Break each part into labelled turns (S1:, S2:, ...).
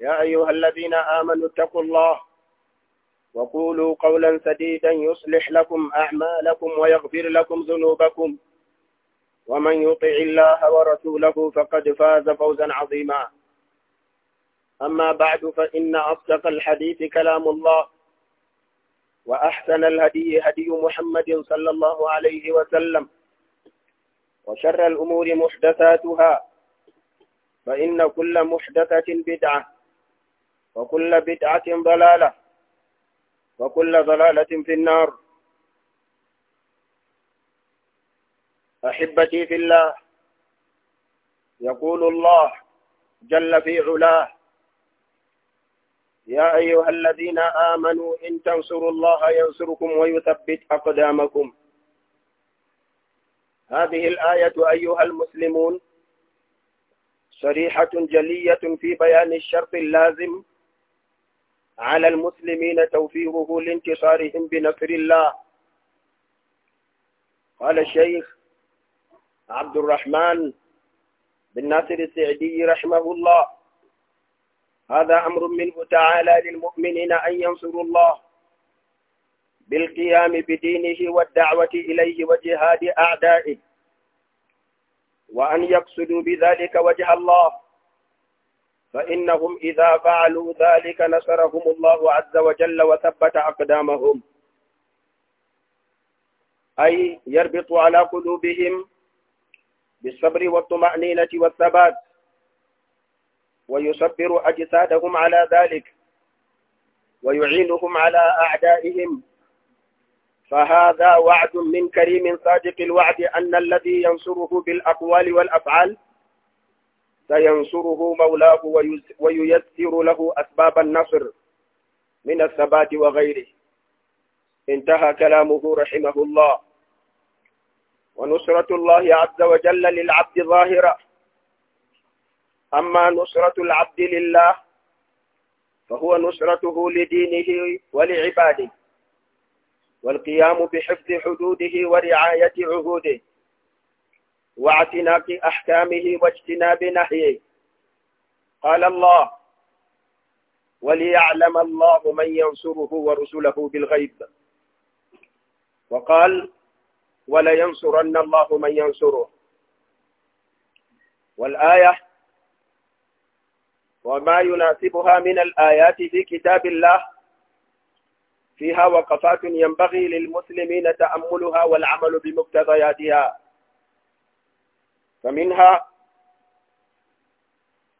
S1: يا أيها الذين آمنوا اتقوا الله وقولوا قولا سديدا يصلح لكم أعمالكم ويغفر لكم ذنوبكم ومن يطع الله ورسوله فقد فاز فوزا عظيما أما بعد فإن أصدق الحديث كلام الله وأحسن الهدي هدي محمد صلى الله عليه وسلم وشر الأمور محدثاتها فإن كل محدثة بدعة وكل بدعة ضلالة وكل ضلالة في النار أحبتي في الله يقول الله جل في علاه يا أيها الذين آمنوا إن تنصروا الله ينصركم ويثبت أقدامكم هذه الآية أيها المسلمون صريحة جلية في بيان الشرط اللازم على المسلمين توفيره لانتصارهم بنصر الله قال الشيخ عبد الرحمن بن ناصر السعدي رحمه الله هذا أمر منه تعالى للمؤمنين أن ينصروا الله بالقيام بدينه والدعوة إليه وجهاد أعدائه وأن يقصدوا بذلك وجه الله فإنهم إذا فعلوا ذلك نصرهم الله عز وجل وثبت أقدامهم أي يربط على قلوبهم بالصبر والطمأنينة والثبات ويصبر أجسادهم على ذلك ويعينهم على أعدائهم فهذا وعد من كريم صادق الوعد أن الذي ينصره بالأقوال والأفعال سينصره مولاه وييسر له أسباب النصر من الثبات وغيره انتهى كلامه رحمه الله ونصرة الله عز وجل للعبد ظاهرة أما نصرة العبد لله فهو نصرته لدينه ولعباده والقيام بحفظ حدوده ورعاية عهوده واعتناق أحكامه واجتناب نهيه قال الله وليعلم الله من ينصره ورسله بالغيب وقال ولينصرن الله من ينصره والآية وما يناسبها من الآيات في كتاب الله فيها وقفات ينبغي للمسلمين تأملها والعمل بمقتضياتها فمنها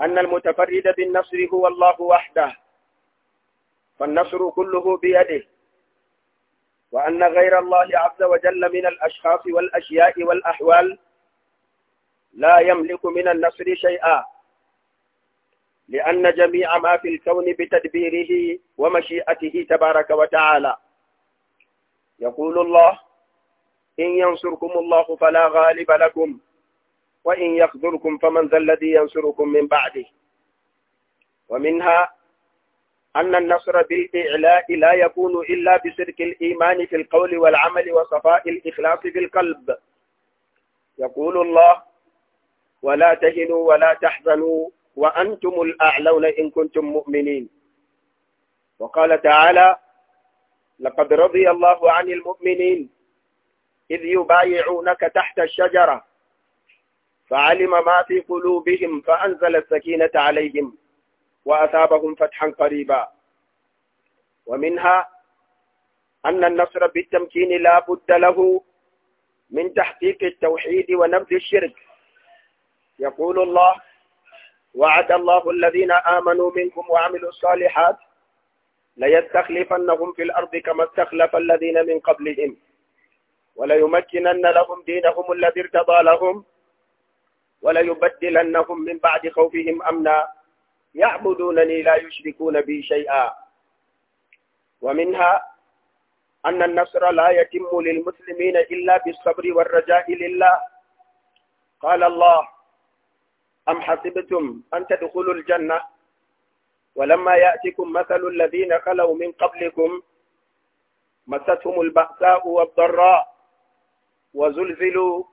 S1: أن المتفرد بالنصر هو الله وحده فالنصر كله بيده وأن غير الله عز وجل من الأشخاص والأشياء والأحوال لا يملك من النصر شيئا لأن جميع ما في الكون بتدبيره ومشيئته تبارك وتعالى يقول الله إن ينصركم الله فلا غالب لكم وإن يخذلكم فمن ذا الذي ينصركم من بعده ومنها أن النصر بالإعلاء لا يكون إلا بسرك الإيمان في القول والعمل وصفاء الإخلاص في القلب يقول الله ولا تهنوا ولا تحزنوا وأنتم الأعلون إن كنتم مؤمنين وقال تعالى لقد رضي الله عن المؤمنين إذ يبايعونك تحت الشجرة فعلم ما في قلوبهم فأنزل السكينة عليهم وأثابهم فتحا قريبا ومنها أن النصر بالتمكين لا بد له من تحقيق التوحيد ونبذ الشرك يقول الله وعد الله الذين آمنوا منكم وعملوا الصالحات ليستخلفنهم في الأرض كما استخلف الذين من قبلهم وليمكنن لهم دينهم الذي ارتضى لهم وليبدلنهم من بعد خوفهم أمنا يعبدونني لا يشركون بي شيئا ومنها أن النصر لا يتم للمسلمين إلا بالصبر والرجاء لله قال الله أم حسبتم أن تدخلوا الجنة ولما يأتكم مثل الذين خلوا من قبلكم مستهم البأساء والضراء وزلزلوا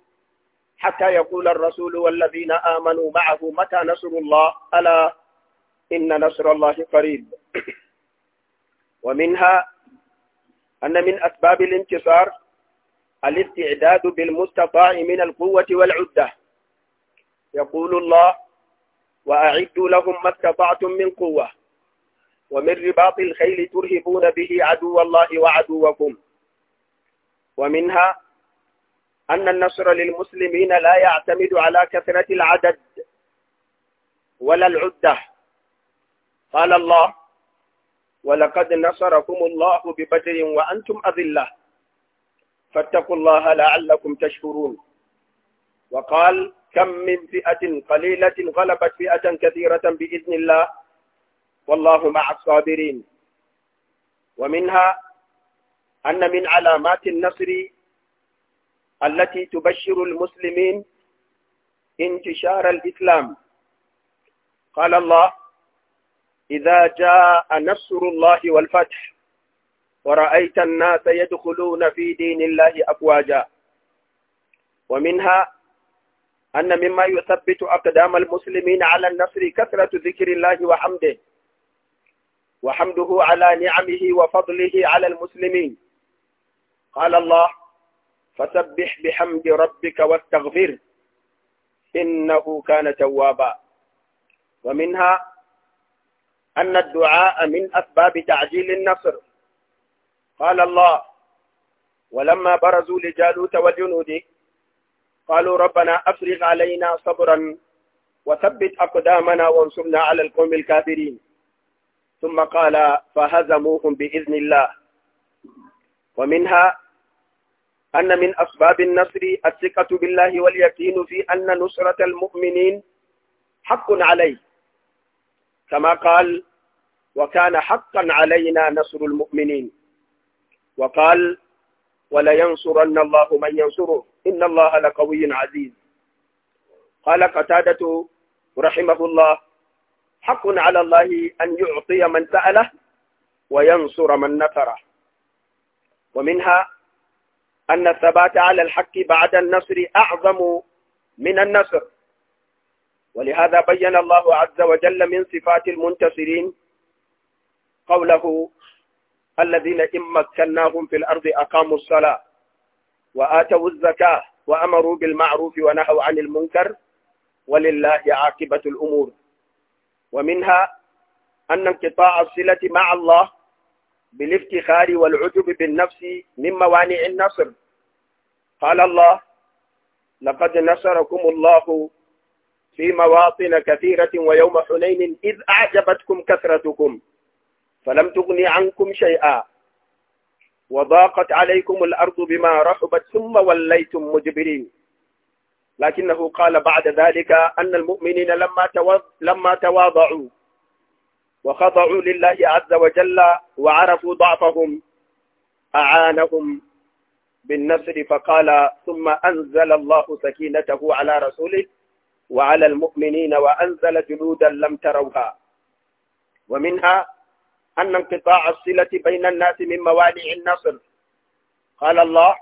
S1: حتى يقول الرسول والذين آمنوا معه متى نصر الله ألا إن نصر الله قريب ومنها أن من أسباب الانتصار الاستعداد بالمستطاع من القوة والعدة يقول الله وأعدوا لهم ما استطعتم من قوة ومن رباط الخيل ترهبون به عدو الله وعدوكم ومنها أن النصر للمسلمين لا يعتمد على كثرة العدد ولا العدة قال الله ولقد نصركم الله ببدر وأنتم أذلة فاتقوا الله لعلكم تشكرون وقال كم من فئة قليلة غلبت فئة كثيرة بإذن الله والله مع الصابرين ومنها أن من علامات النصر التي تبشر المسلمين انتشار الإسلام قال الله إذا جاء نصر الله والفتح ورأيت الناس يدخلون في دين الله أفواجا ومنها أن مما يثبت أقدام المسلمين على النصر كثرة ذكر الله وحمده وحمده على نعمه وفضله على المسلمين قال الله فسبح بحمد ربك واستغفر إنه كان توابا ومنها أن الدعاء من أسباب تعجيل النصر قال الله ولما برزوا لجالوت والجنود قالوا ربنا أفرغ علينا صبرا وثبت أقدامنا وانصرنا على القوم الكافرين ثم قال فهزموهم بإذن الله ومنها أن من أسباب النصر الثقة بالله واليقين في أن نصرة المؤمنين حق عليه كما قال وكان حقا علينا نصر المؤمنين وقال ولينصرن الله من ينصره إن الله لقوي عزيز قال قتادة رحمه الله حق على الله أن يعطي من سأله وينصر من نصره ومنها أن الثبات على الحق بعد النصر أعظم من النصر ولهذا بين الله عز وجل من صفات المنتصرين قوله الذين إن مكناهم في الأرض أقاموا الصلاة وآتوا الزكاة وأمروا بالمعروف ونهوا عن المنكر ولله عاقبة الأمور ومنها أن انقطاع الصلة مع الله بالافتخار والعجب بالنفس من موانع النصر قال الله لقد نصركم الله في مواطن كثيرة ويوم حنين إذ أعجبتكم كثرتكم فلم تغن عنكم شيئا وضاقت عليكم الأرض بما رحبت ثم وليتم مجبرين لكنه قال بعد ذلك أن المؤمنين لما لما تواضعوا وخضعوا لله عز وجل وعرفوا ضعفهم أعانهم بالنصر فقال ثم أنزل الله سكينته على رسوله وعلى المؤمنين وأنزل جنودا لم تروها ومنها أن انقطاع الصلة بين الناس من موانع النصر قال الله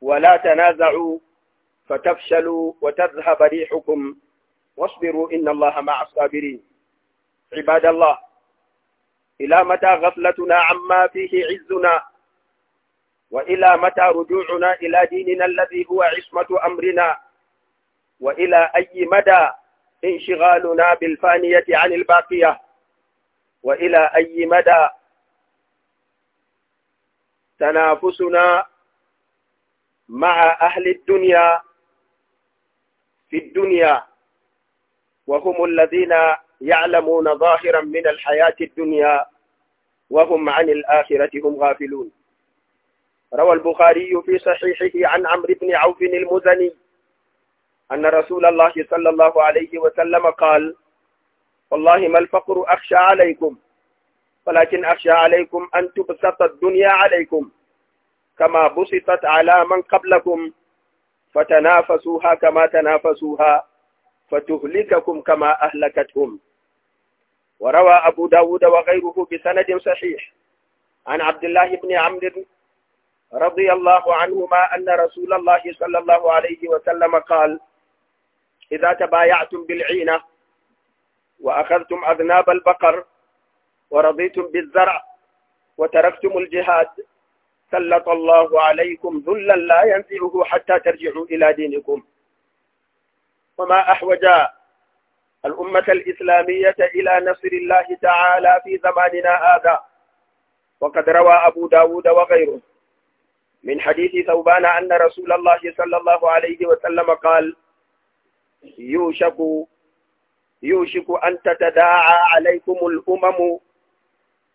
S1: ولا تنازعوا فتفشلوا وتذهب ريحكم واصبروا إن الله مع الصابرين عباد الله إلى متى غفلتنا عما فيه عزنا وإلى متى رجوعنا إلى ديننا الذي هو عصمة أمرنا وإلى أي مدى انشغالنا بالفانية عن الباقية وإلى أي مدى تنافسنا مع أهل الدنيا في الدنيا وهم الذين يعلمون ظاهرا من الحياة الدنيا وهم عن الآخرة هم غافلون روى البخاري في صحيحه عن عمرو بن عوف المزني أن رسول الله صلى الله عليه وسلم قال والله ما الفقر أخشى عليكم ولكن أخشى عليكم أن تبسط الدنيا عليكم كما بسطت على من قبلكم فتنافسوها كما تنافسوها فتهلككم كما أهلكتهم وروى أبو داود وغيره بسند صحيح عن عبد الله بن عمرو رضي الله عنهما أن رسول الله صلى الله عليه وسلم قال إذا تبايعتم بالعينة وأخذتم أذناب البقر ورضيتم بالزرع وتركتم الجهاد سلط الله عليكم ذلا لا ينزله حتى ترجعوا إلى دينكم وما أحوج الأمة الإسلامية إلى نصر الله تعالى في زماننا هذا وقد روى أبو داود وغيره من حديث ثوبان أن رسول الله صلى الله عليه وسلم قال يوشك يوشك أن تتداعى عليكم الأمم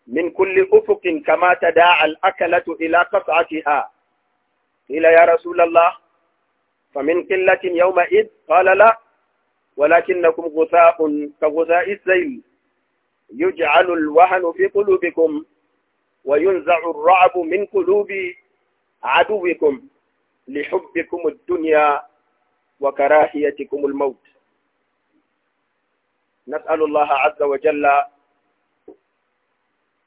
S1: من كل أفق كما تداعى الأكلة إلى قطعتها قيل يا رسول الله فمن قلة يومئذ قال لا ولكنكم غثاء كغثاء الزيل يجعل الوهن في قلوبكم وينزع الرعب من قلوب عدوكم لحبكم الدنيا وكراهيتكم الموت نسأل الله عز وجل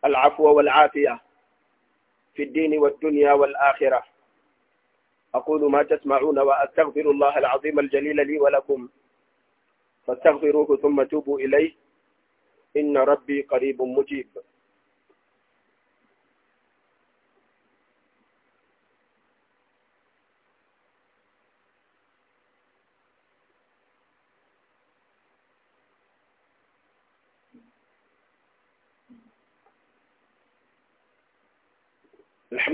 S1: العفو والعافية في الدين والدنيا والآخرة أقول ما تسمعون وأستغفر الله العظيم الجليل لي ولكم فاستغفروه ثم توبوا إليه إن ربي قريب مجيب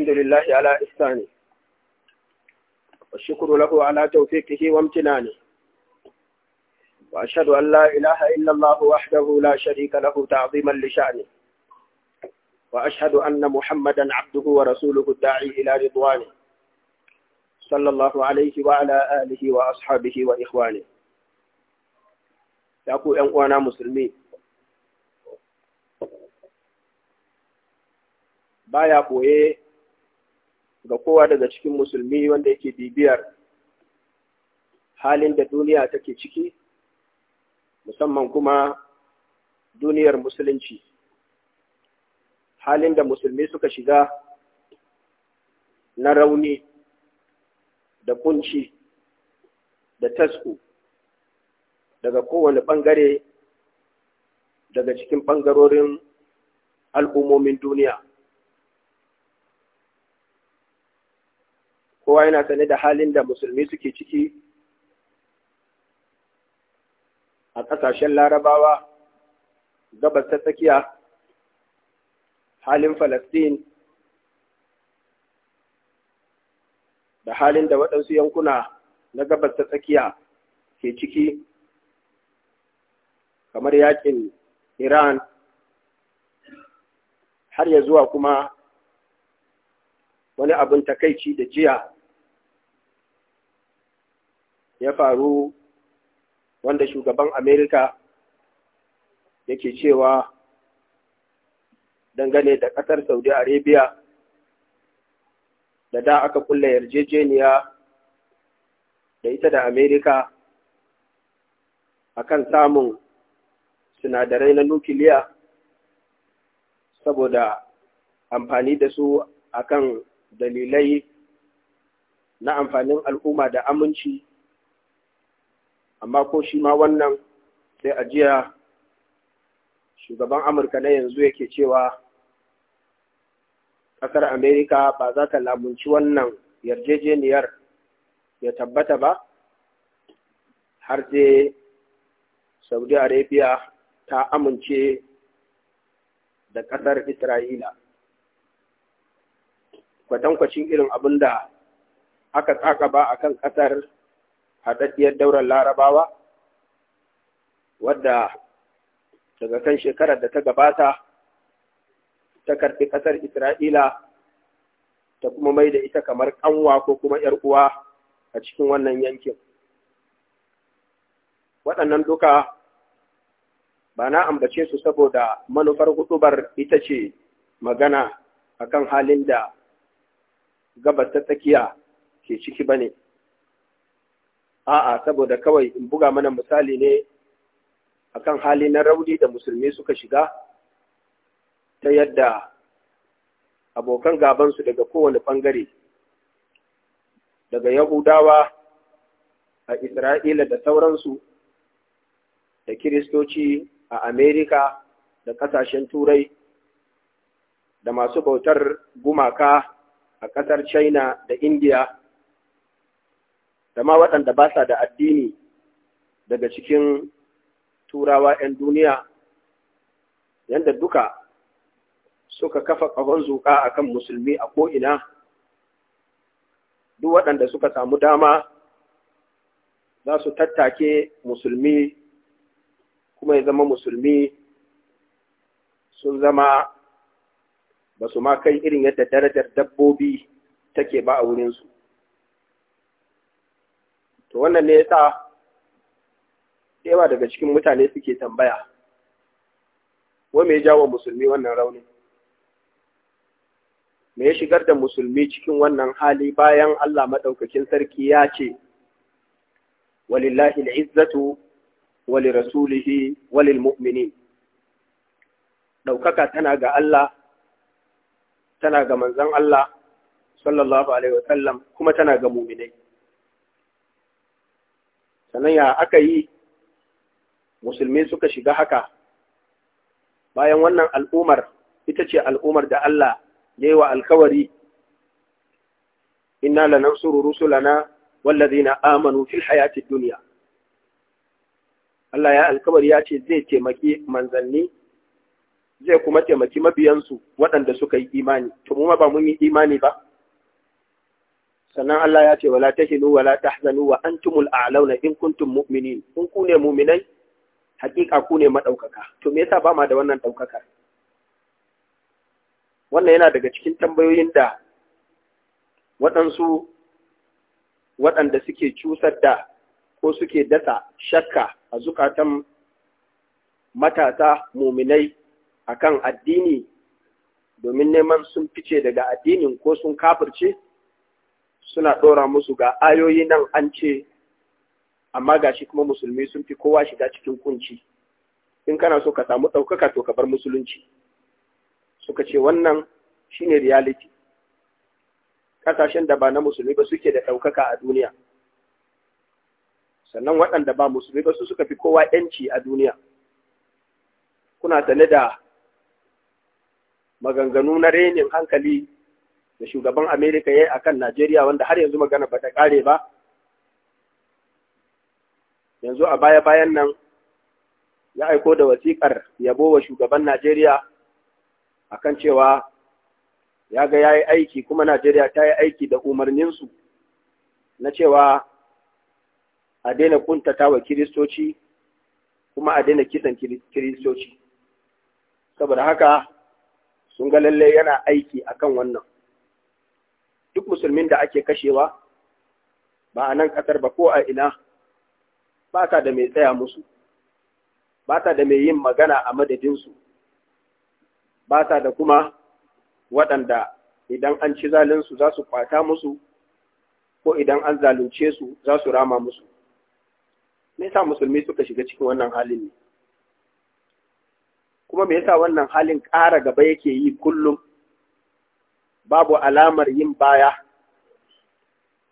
S1: والحمد لله على إحسانه والشكر له على توفيقه وامتنانه وأشهد أن لا إله إلا الله وحده لا شريك له تعظيما لشأنه وأشهد أن محمدا عبده ورسوله الداعي إلى رضوانه صلى الله عليه وعلى آله وأصحابه وإخوانه يقول أنوانا مسلمين baya koye ga kowa daga cikin musulmi wanda yake bibiyar halin da duniya take ciki musamman kuma duniyar musulunci halin da musulmi suka shiga na rauni da kunci da tasku daga kowane bangare daga cikin bangarorin al'ummomin duniya kowa yana sane da halin da musulmi suke ciki a ƙasashen larabawa gabas ta tsakiya halin falastin da halin da waɗansu yankuna na gabas ta tsakiya ke ciki kamar yakin iran har ya zuwa kuma wani abin takaici da jiya ya faru wanda shugaban Amerika yake cewa dangane da ƙasar Saudi Arabia da da aka kulla yarjejeniya da ita da Amerika akan samun sinadarai na nukiliya saboda amfani da su akan dalilai na amfanin al'umma da aminci amma ko shi ma wannan sai ajiya shugaban amurka na yanzu yake cewa ƙasar amerika ba za ta lamunci wannan yarjejeniyar ya tabbata ba har sai saudi arabia ta amince da ƙasar isra'ila kwatankwacin irin abin da aka tsaka ba a kan ƙasar haɗaɗɗiyar daular larabawa wadda daga kan shekarar da ta gabata ta karɓi ƙasar isra'ila ta kuma mai da ita kamar ƙanwa ko kuma ‘yar uwa a cikin wannan yankin waɗannan duka ba na ambace su saboda manufar huɗubar ita ce magana a kan halin da gabas ta tsakiya ke ciki ba ne a'a saboda kawai in buga mana misali ne akan hali na rauni da musulmi suka shiga ta yadda abokan gabansu daga kowane ɓangare daga yahudawa a isra'ila da sauransu da kiristoci a amerika da ƙasashen turai da masu bautar gumaka a ƙasar china da india da waɗanda ba sa da addini daga cikin turawa 'yan duniya yadda duka suka kafa ƙahon zuƙa a kan musulmi a ko'ina duk waɗanda suka samu dama za su tattake musulmi kuma ya zama musulmi sun zama ba su ma kai irin yadda darajar dabbobi take ba a wurinsu to wannan ne yasa yawa daga cikin mutane suke tambaya wa me jawo musulmi wannan rauni me ya shigar da musulmi cikin wannan hali bayan Allah madaukakin sarki ya ce walillahi al'izzatu walirasulihi walilmu'minin daukaka tana ga Allah tana ga manzon Allah sallallahu alaihi wasallam kuma tana ga mu'minai sannan ya aka yi musulmi suka shiga haka bayan wannan al'umar ita ce al'umar da Allah ya yi wa alkawari inna lanansuru rusulana wallazina amanu fil hayati dunya Allah ya alkawari ya ce zai taimaki manzanni zai kuma taimaki mabiyansu waɗanda suka yi imani to mu ba mun yi imani ba sannan Allah ya ce wala tahinu wala tahzanu wa antumul a'launa in kuntum mu'minin kun ku ne mu'minai hakika ku ne madaukaka to me yasa ba ma da wannan daukaka wannan yana daga cikin tambayoyin da waɗansu waɗanda suke cusar da ko suke dasa shakka a zukatan matasa muminai akan addini domin neman sun fice daga addinin ko sun kafirce suna ɗora musu ga ayoyi nan an ce amma ga shi kuma musulmi sun fi kowa shiga cikin kunci in kana so ka samu ɗaukaka to ka bar musulunci suka ce wannan shine reality ƙasashen da ba na musulmi ba suke da ɗaukaka a duniya sannan waɗanda ba musulmi ba su suka fi kowa ‘yanci a duniya kuna sane da maganganu na renin hankali da shugaban Amerika ya yi a kan Najeriya wanda har yanzu magana ba ta ƙare ba. Yanzu a baya-bayan nan ya aiko da wasiƙar yabo wa shugaban Najeriya a kan cewa ya ga ya yi aiki kuma Najeriya ta yi aiki da umarninsu na cewa a daina kuntata wa Kiristoci kuma a daina kisan Kiristoci. Saboda haka sun ga lallai yana aiki akan wannan. duk musulmin da ake kashewa ba a nan ƙasar ba ko a ina ba ta da mai tsaya musu ba ta da mai yin magana a madadinsu ba ta da kuma waɗanda idan an ci zalinsu za su kwata musu ko idan an zalunce su za su rama musu me yasa musulmi suka shiga cikin wannan halin ne kuma me yasa wannan halin ƙara gaba yake yi kullum babu alamar yin baya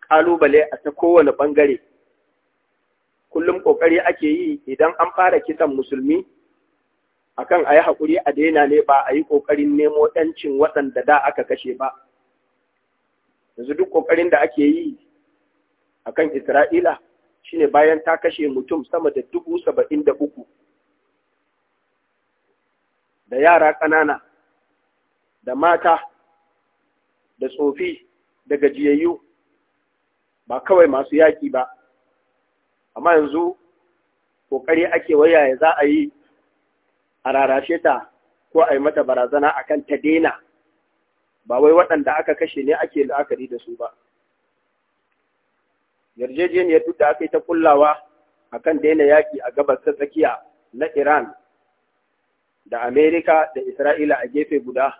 S1: ƙalubale a ta kowane ɓangare kullum ƙoƙari ake yi idan an fara kisan musulmi akan a yi haƙuri a daina ne ba a yi ƙoƙarin nemo ɗancin waɗanda da aka kashe ba yanzu duk ƙoƙarin da ake yi akan isra'ila shine bayan ta kashe mutum sama da dubu saba'in da uku da yara ƙanana da mata da tsofi da gajiyayyu ba kawai masu yaƙi ba amma yanzu ƙoƙari ake waya ya za a yi a rarashe ta ko a yi mata barazana a kan ta daina ba wai waɗanda aka kashe ne ake la'akari da su ba yarjejeniyar duk da aka yi ta kullawa a kan daina yaƙi a gabas ta tsakiya na iran da amerika da isra'ila a gefe guda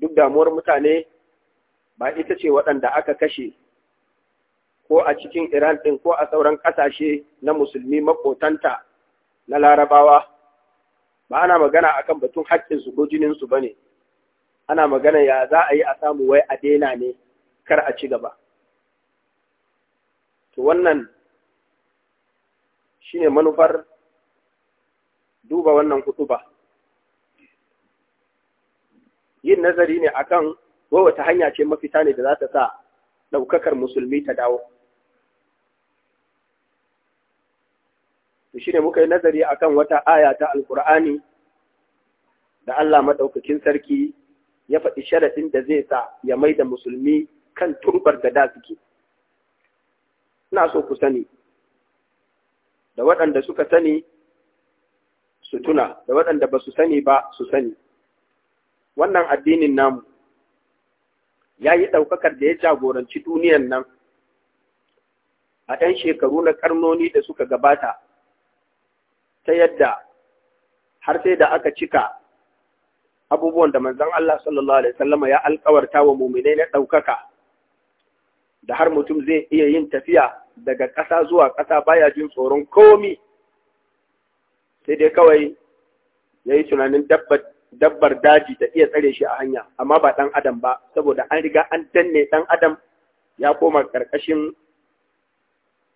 S1: duk damuwar mutane ba ita ce waɗanda aka kashe ko a cikin Iran ɗin ko a sauran ƙasashe na musulmi maƙotanta na larabawa ba ana magana akan batun haƙƙinsu ko jininsu ba ne ana magana ya za a yi a samu wai a daina ne kar a ci gaba to wannan shine manufar duba wannan kutuba yin nazari ne akan wai wata hanya ce mafita ne da za ta sa ɗaukakar musulmi ta dawo Shi shirya muka yi nazari akan wata aya ta alkur'ani da Allah maɗaukakin sarki ya faɗi sharaɗin da zai sa ya mai da musulmi kan turbar da da suke ina so ku sani da waɗanda suka sani su tuna da waɗanda ba su sani ba su sani wannan addinin namu ya yi ɗaukakar da ya jagoranci duniyan nan a ɗan shekaru na ƙarnoni da suka gabata ta yadda har sai da aka cika abubuwan da manzon Allah sallallahu Alaihi wasallama ya alkawarta wa muminai na ɗaukaka da har mutum zai iya yin tafiya daga ƙasa zuwa ƙasa baya jin tsoron komi sai dai kawai ya yi tunanin dabbar dabbar daji ta iya tsare shi a hanya amma ba ɗan adam ba saboda an riga an danne ɗan adam ya koma ƙarƙashin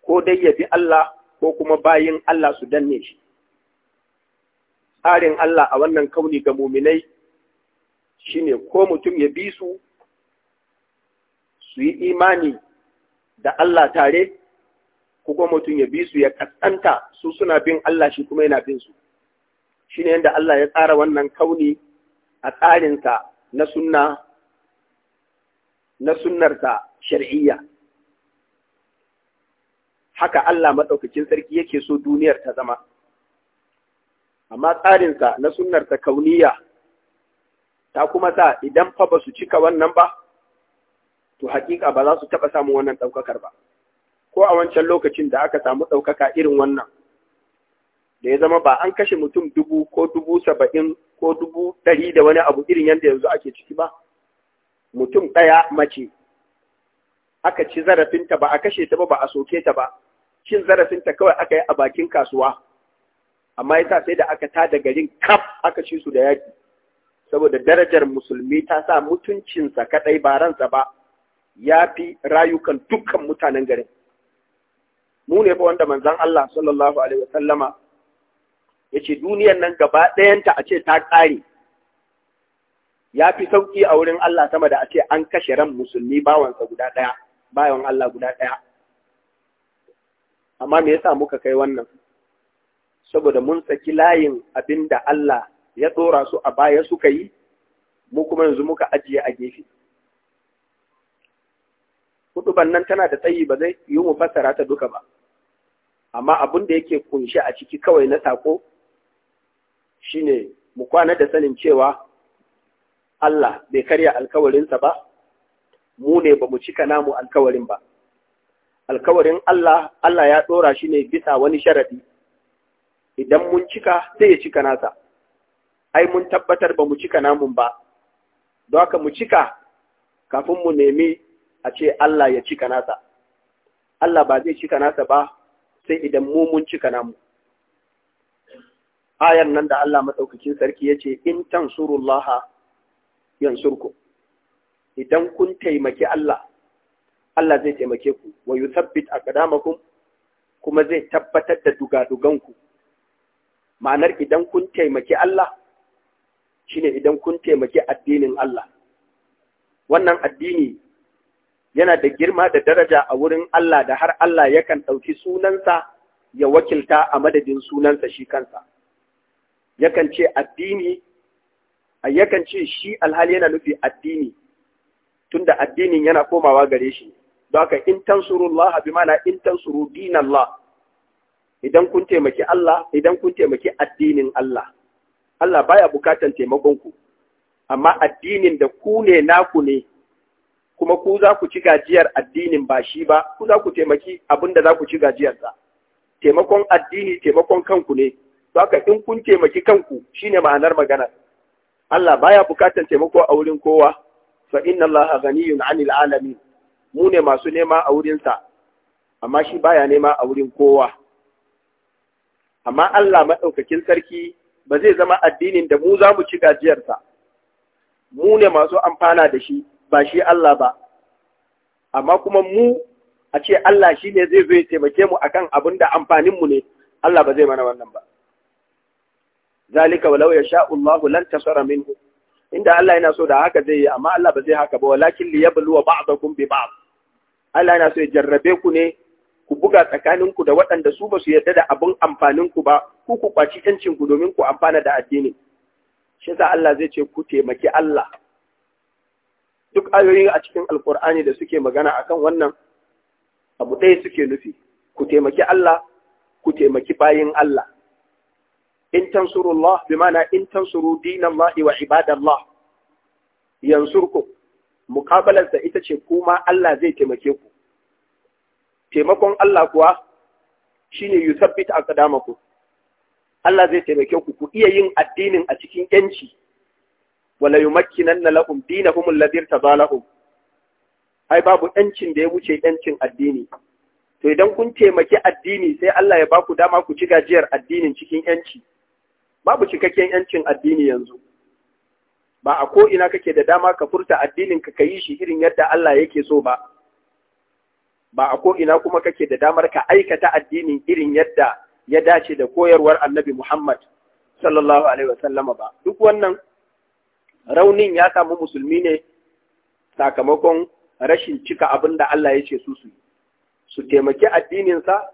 S1: ko dai ya bi Allah ko kuma bayin Allah su danne shi tsarin Allah a wannan kauni ga muminai shine ko mutum ya bi su su yi imani da Allah tare kuma mutum ya bi su ya kasanta su suna bin Allah shi kuma yana bin su ne yadda Allah ya tsara wannan kauni a tsarinsa na sunna na sunnarsa shar'iyya haka Allah maɗaukakin sarki yake so duniyar ta zama amma tsarinsa na sunnarsa kauniya ta kuma sa idan fa ba su cika wannan ba to hakika ba za su taɓa samun wannan ɗaukakar ba ko a wancan lokacin da aka samu ɗaukaka irin wannan da ya zama ba an kashe mutum dubu ko dubu saba'in ko dubu ɗari da wani abu irin yadda yanzu ake ciki ba mutum ɗaya mace aka ci zarafinta ba a kashe ta ba ba a soke ta ba cin zarafinta kawai aka yi a bakin kasuwa amma ya sa sai da aka ta tada garin kaf aka ci su da yaki saboda darajar musulmi ta sa mutuncinsa kaɗai ba ransa ba ya fi rayukan dukkan mutanen garin mu ne fa wanda manzan Allah sallallahu alaihi wasallama ya ce duniyan nan gaba ɗayanta a ce ta ƙare ya fi sauƙi a wurin Allah sama da a ce an kashe ran musulmi bawansa guda ɗaya bayan Allah guda ɗaya amma me yasa muka kai wannan saboda mun saki layin abin da Allah ya tsora su a baya suka yi mu kuma yanzu muka ajiye a gefe huduban nan tana da tsayi ba zai yi mu fassara ta duka ba amma abin da yake kunshi a ciki kawai na sako shine mu kwana da sanin cewa Allah bai karya alkawarinsa ba mu ne ba mu cika namu alkawarin ba alkawarin Allah Allah ya ɗora shi ne bisa wani sharadi idan mun cika sai ya cika nasa ai mun tabbatar ba mu cika namun ba don haka mu cika kafin mu nemi a ce Allah ya cika nasa Allah ba zai cika nasa ba sai idan mu mun cika namu ayan nan da Allah madaukakin sarki yace in tansurullaha yansurku idan kun taimaki Allah Allah zai taimake ku wa a aqdamakum kuma zai tabbatar da dugaduganku ma'anar idan kun taimaki Allah shine idan kun taimaki addinin Allah wannan addini yana da girma da daraja a wurin Allah da har Allah yakan ɗauki sunansa ya wakilta a madadin sunansa shi kansa yakan ce addini yakan ce shi alhali yana nufi addini tunda addinin yana komawa gare shi don haka in tansurullah bi mana in tansuru dinallah idan kun taimaki Allah idan kun taimaki addinin Allah Allah baya bukatan taimakon ku amma addinin da ku ne naku ne kuma ku za ku ci gajiyar addinin ba shi ba ku za ku taimaki abin da za ku ci gajiyarsa taimakon addini taimakon kanku ne to haka in kun taimaki kanku shine ma'anar magana Allah baya bukatar taimako a wurin kowa fa inna Allah ghaniyun 'anil alamin mu ne masu nema a wurin amma shi baya nema a wurin kowa amma Allah maɗaukakin sarki ba zai zama addinin da mu za mu ci gajiyarsa mu ne masu amfana da shi ba shi Allah ba amma kuma mu a ce Allah shi ne zai zo ya taimake mu akan abin da amfaninmu ne Allah ba zai mana wannan ba zalika walau sha Allah lan tasara minhu inda Allah yana so da haka zai yi amma Allah ba zai haka ba walakin li yabluwa ba'dakum bi ba'd Allah yana so ya jarrabe ku ne ku buga tsakanin ku da waɗanda su ba su yarda da abun amfanin ku ba ku ku kwaci yancin ku domin ku amfana da addini shi yasa Allah zai ce ku taimaki Allah duk ayoyi a cikin alkur'ani da suke magana akan wannan abu ɗaya suke nufi ku taimaki Allah ku taimaki bayin Allah in Allah bi mana in tansuru dinallahi wa ibadallah yansurku da ita ce kuma Allah zai taimake ku taimakon Allah kuwa shine yusabbit aqdamakum Allah zai taimake ku ku iya yin addinin a cikin yanci wala yumakkinanna lakum dinakum alladhi tadalahum ai babu yancin da ya wuce yancin addini to idan kun taimaki addini sai Allah ya ba ku dama ku ci gajiyar addinin cikin yanci babu cikakken yancin addini yanzu ba a ko ina kake da dama ka furta addinin ka yi shi irin yadda Allah yake so ba ba a ko ina kuma kake da damar ka aikata addinin irin yadda ya dace da koyarwar Annabi Muhammad sallallahu alaihi wasallama ba duk wannan raunin ya samu musulmi ne sakamakon rashin cika abin da Allah ya ce su su su taimaki addininsa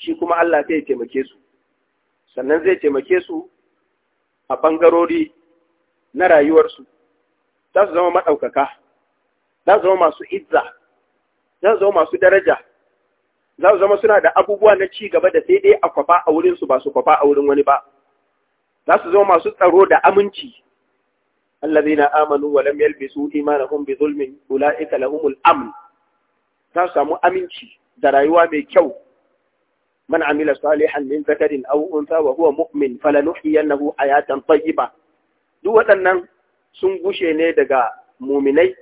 S1: shi kuma Allah zai taimake su sannan zai taimake su a ɓangarori na rayuwarsu za su zama maɗaukaka za su zama masu izza za su zama masu daraja za su zama suna da abubuwa na ci gaba da sai dai a kwafa a wurinsu ba su kwafa a wurin wani ba za su zama masu tsaro da aminci Allah na amanu wa lam yalbisu imanahum bi zulmin ulaika lahumul amn za su samu aminci da rayuwa mai kyau من عمل صالحا من ذكر أو أنثى وهو مؤمن فلنحيينه حياة طيبة duk waɗannan sun gushe ne daga muminai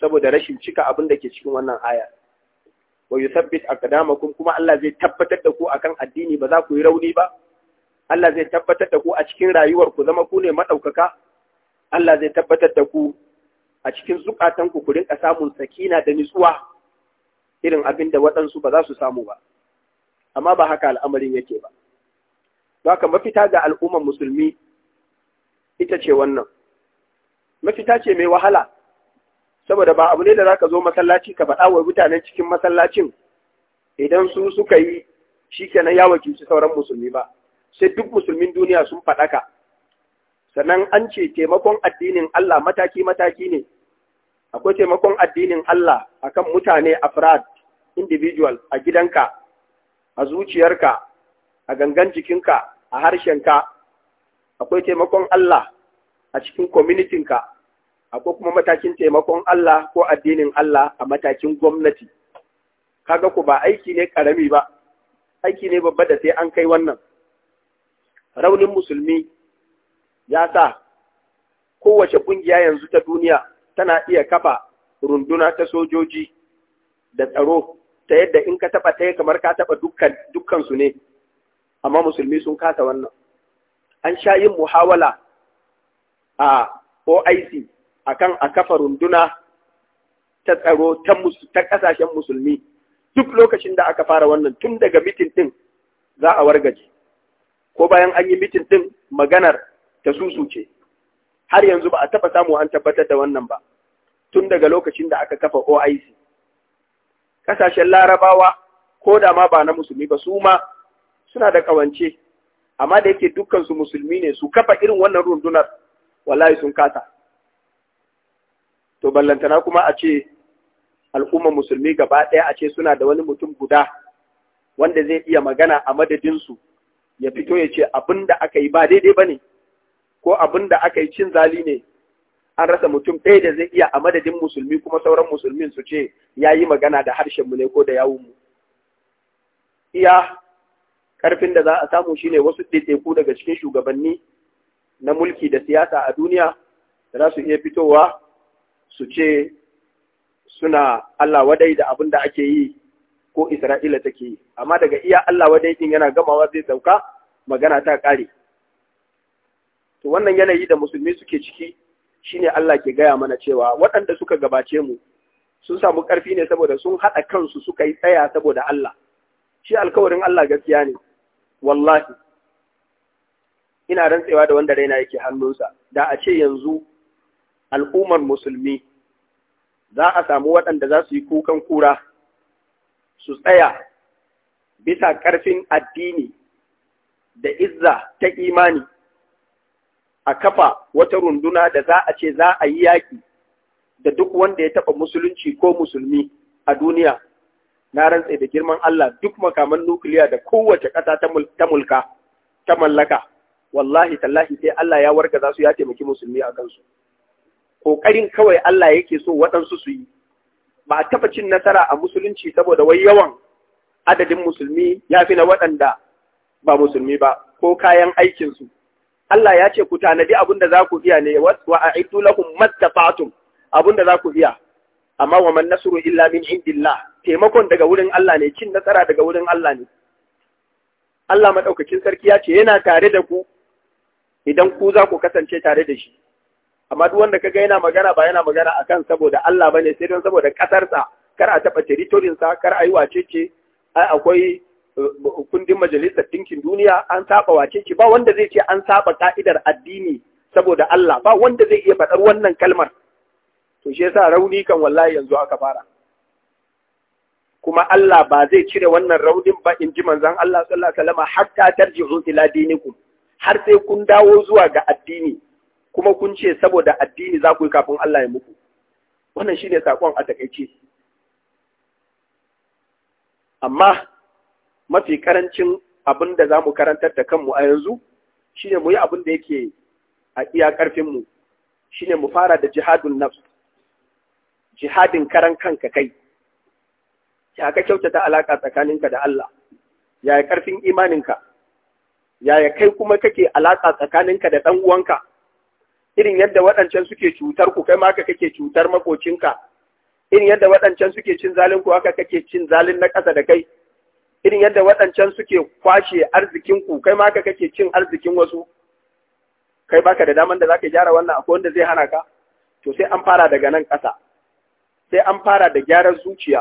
S1: saboda rashin cika abin da ke cikin wannan aya wa yuthabbit aqdamakum kuma Allah zai tabbatar da ku akan addini ba za ku yi rauni ba Allah zai tabbatar da ku a cikin rayuwar ku zama ku ne madaukaka Allah zai tabbatar da ku a cikin zukatan ku ku rinka samun sakina da nutsuwa irin abinda da waɗansu ba za su samu ba amma ba haka al'amarin yake ba ka mafita ga al'ummar musulmi ita ce wannan mafita ce mai wahala saboda ba abu ne da za ka zo masallaci ka faɗa wa mutanen cikin masallacin idan su suka yi shi nan ya wakilci sauran musulmi ba sai duk musulmin duniya sun faɗaka sannan an ce taimakon addinin Allah mataki-mataki ne akwai taimakon addinin Allah a kan mutane afrad individual a gidanka a zuciyarka a gangan jikinka a harshenka akwai taimakon Allah a cikin kwamitinka akwai kuma matakin taimakon Allah ko addinin Allah a matakin gwamnati kaga ku ba aiki ne karami ba aiki ne babba da sai an kai wannan raunin musulmi ya sa kowace ƙungiya yanzu ta duniya tana iya kafa runduna ta sojoji da tsaro ta yadda in ka taɓa yi, kamar ka taɓa dukkan su ne amma musulmi sun kasa wannan an sha yin muhawala a OIC kan a kafa runduna ta tsaro ta ƙasashen musulmi duk lokacin da aka fara wannan tun daga mitin ɗin za a wargaje ko bayan an yi mitin ɗin maganar ta susu ce har yanzu ba a taɓa samu an tabbatar da wannan ba tun daga lokacin da aka kafa OIC kasashen larabawa ko da ma ba na musulmi ba su ma suna da kawance amma da yake dukkansu musulmi ne su kafa irin wannan rundunar wallahi sun kasa to ballantana kuma a ce al'ummar musulmi gaba ɗaya a ce suna da wani mutum guda wanda zai iya magana a madadinsu ya fito ya ce abin da aka yi ba daidai ba ne ko abin da aka yi cin zali ne an rasa mutum ɗaya da zai iya a madadin musulmi kuma sauran musulmin su ce ya yi magana da harshenmu ne ko da yawunmu iya ƙarfin da za a samu shine wasu ɗaiɗaiku daga cikin shugabanni na mulki da siyasa a duniya da za su iya fitowa su ce suna Allah wadai da abin da ake yi ko Isra'ila take yi, amma daga iya Allah wadai ɗin yana gamawa zai sauka magana ta ƙare. To wannan yanayi da musulmi suke ciki Shi ne Allah ke gaya mana cewa waɗanda suka gabace mu sun samu ƙarfi ne saboda sun haɗa kansu suka yi tsaya saboda Allah shi alkawarin Allah gaskiya ne wallahi ina rantsewa da wanda raina yake hannunsa da a ce yanzu al'ummar musulmi za a samu waɗanda za su yi kukan kura su tsaya bisa ƙarfin addini da izza ta imani a kafa wata runduna da za a ce za a yi yaƙi da duk wanda ya taɓa musulunci ko musulmi a duniya na rantse da girman Allah duk makaman nukiliya da kowace ƙasa ta mulka ta mallaka wallahi tallahi sai Allah ya warga za su ya taimaki musulmi a kansu ƙoƙarin kawai Allah yake so waɗansu su yi ba a taɓa cin nasara a musulunci saboda wai yawan adadin musulmi ya fi na waɗanda ba musulmi ba ko kayan aikinsu Allah ya ce ku tanadi abin da za ku iya ne wa a'iddu lahum fatun, abin da za ku iya amma wa man nasru illa min indilla, taimakon daga wurin Allah ne cin nasara daga wurin Allah ne Allah maɗaukacin sarki ya ce yana tare da ku idan ku za ku kasance tare da shi amma duk wanda kaga yana magana ba yana magana akan saboda Allah bane sai don saboda kasarsa kar a taba teritorinsa sa kar a yi wacece ai akwai kundin majalisar ɗinkin duniya an saba wace ki ba wanda zai ce an saba ka'idar addini saboda Allah ba wanda zai iya faɗar wannan kalmar to shi yasa rauni kan wallahi yanzu aka fara kuma Allah ba zai cire wannan raunin ba in ji manzon Allah sallallahu alaihi wasallam hatta tarji'u ila dinikum har sai kun dawo zuwa ga addini kuma kun ce saboda addini za ku yi kafin Allah ya muku wannan shine sakon a takaice amma mafi karancin abin da za mu karantar da kanmu a yanzu shine mu yi abin da yake a iya ƙarfinmu Shi ne mu fara da jihadun nafs jihadin karan kanka kai ya ka kyautata alaƙa tsakaninka da Allah ya ƙarfin imaninka yaya kai kuma kake alaƙa tsakaninka da ɗan uwanka irin yadda waɗancan suke cutar ku kai maka kake cutar makocinka irin yadda waɗancan suke cin zalin ku haka kake cin zalin na ƙasa da kai irin yadda waɗancan suke kwashe arzikinku, kai ma ka kake cin arzikin wasu kai baka da daman da zaka gyara wannan akwai wanda zai hana ka to sai an fara daga nan ƙasa sai an fara da gyaran zuciya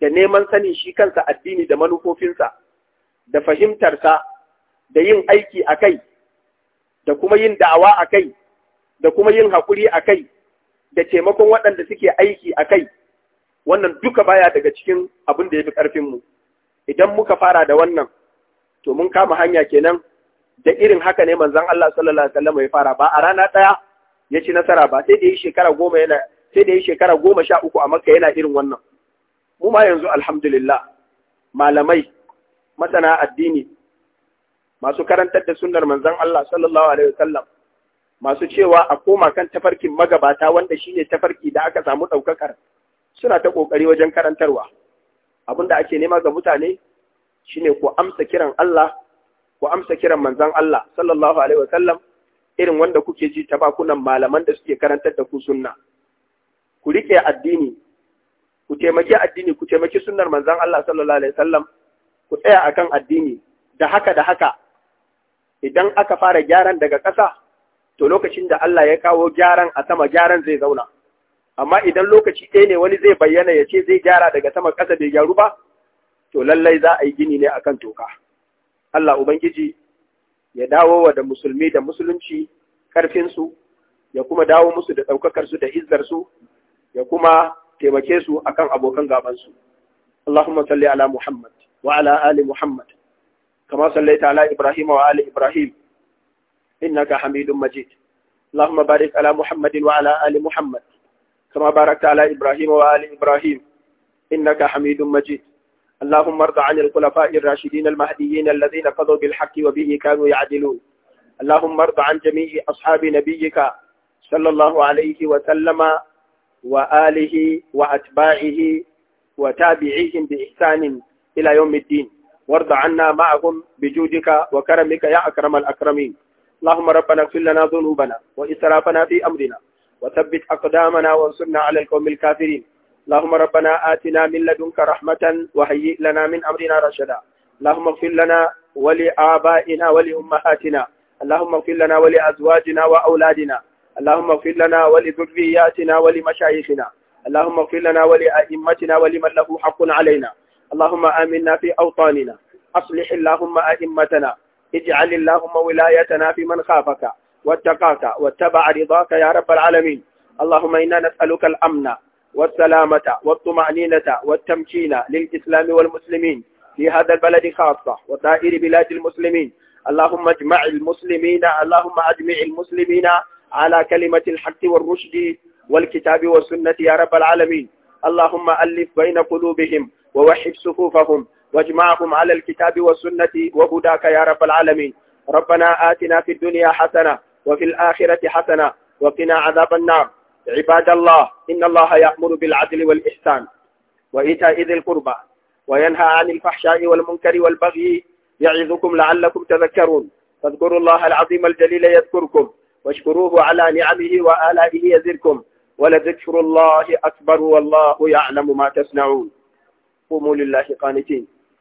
S1: da neman sanin shi kansa addini da manufofinsa da fahimtarsa da yin aiki a kai da kuma yin da'awa a kai da kuma yin haƙuri a kai da taimakon waɗanda suke aiki a kai wannan duka baya daga cikin abin da ya fi ƙarfinmu. idan muka fara da wannan to mun kama hanya kenan da irin haka ne manzon Allah sallallahu alaihi wasallam ya fara ba a rana ɗaya ya ci nasara ba sai da yi shekara goma yana sai da yi shekara 13 a makka yana irin wannan mu ma yanzu alhamdulillah malamai masana addini masu karantar da sunnar manzon Allah sallallahu alaihi wasallam masu cewa a koma kan tafarkin magabata wanda shine tafarki da aka samu daukakar suna ta kokari wajen karantarwa da ake nema ga mutane shine ku amsa kiran Allah ku amsa kiran manzon Allah sallallahu alaihi wasallam irin wanda kuke ji ta bakunan malaman da suke karantar da ku sunna ku rike addini ku taimaki addini ku taimaki sunnar manzon Allah sallallahu alaihi wasallam ku tsaya akan addini da haka da haka idan aka fara gyaran daga ƙasa to lokacin da Allah ya kawo gyaran a sama gyaran zai zauna amma idan lokaci ɗaya ne wani zai bayyana ya ce zai gyara daga sama ƙasa bai gyaru ba to lallai za a yi gini ne akan toka Allah ubangiji ya dawo wa da musulmi da musulunci ƙarfinsu, ya kuma dawo musu da ɗaukakarsu da izzarsu ya kuma taimake su akan abokan gabansu Allahumma salli ala Muhammad wa ala ali Muhammad kama sallaita ala Ibrahim wa ali Ibrahim innaka Hamidun Majid Allahumma barik ala Muhammadin wa ala ali Muhammad كما باركت على إبراهيم وآل إبراهيم إنك حميد مجيد اللهم ارض عن الخلفاء الراشدين المهديين الذين قضوا بالحق وبه كانوا يعدلون اللهم ارض عن جميع أصحاب نبيك صلى الله عليه وسلم وآله وأتباعه وتابعيهم بإحسان إلى يوم الدين وارض عنا معهم بجودك وكرمك يا أكرم الأكرمين اللهم ربنا اغفر لنا ذنوبنا وإسرافنا في أمرنا وثبت أقدامنا وانصرنا على القوم الكافرين اللهم ربنا آتنا من لدنك رحمة وهيئ لنا من أمرنا رشدا اللهم اغفر لنا ولآبائنا ولأمهاتنا اللهم اغفر لنا ولأزواجنا وأولادنا اللهم اغفر لنا ولذرياتنا ولمشايخنا اللهم اغفر لنا ولأئمتنا ولمن له حق علينا اللهم آمنا في أوطاننا أصلح اللهم أئمتنا اجعل اللهم ولايتنا في من خافك واتقاك واتبع رضاك يا رب العالمين اللهم إنا نسألك الأمن والسلامة والطمأنينة والتمكين للإسلام والمسلمين في هذا البلد خاصة وسائر بلاد المسلمين اللهم اجمع المسلمين اللهم اجمع المسلمين على كلمة الحق والرشد والكتاب والسنة يا رب العالمين اللهم ألف بين قلوبهم ووحد صفوفهم واجمعهم على الكتاب والسنة وهداك يا رب العالمين ربنا آتنا في الدنيا حسنة وفي الآخرة حسنة وقنا عذاب النار عباد الله إن الله يأمر بالعدل والإحسان وإيتاء ذي القربى وينهى عن الفحشاء والمنكر والبغي يعظكم لعلكم تذكرون فاذكروا الله العظيم الجليل يذكركم واشكروه على نعمه وآلائه يزدكم ولذكر الله أكبر والله يعلم ما تصنعون قوموا لله قانتين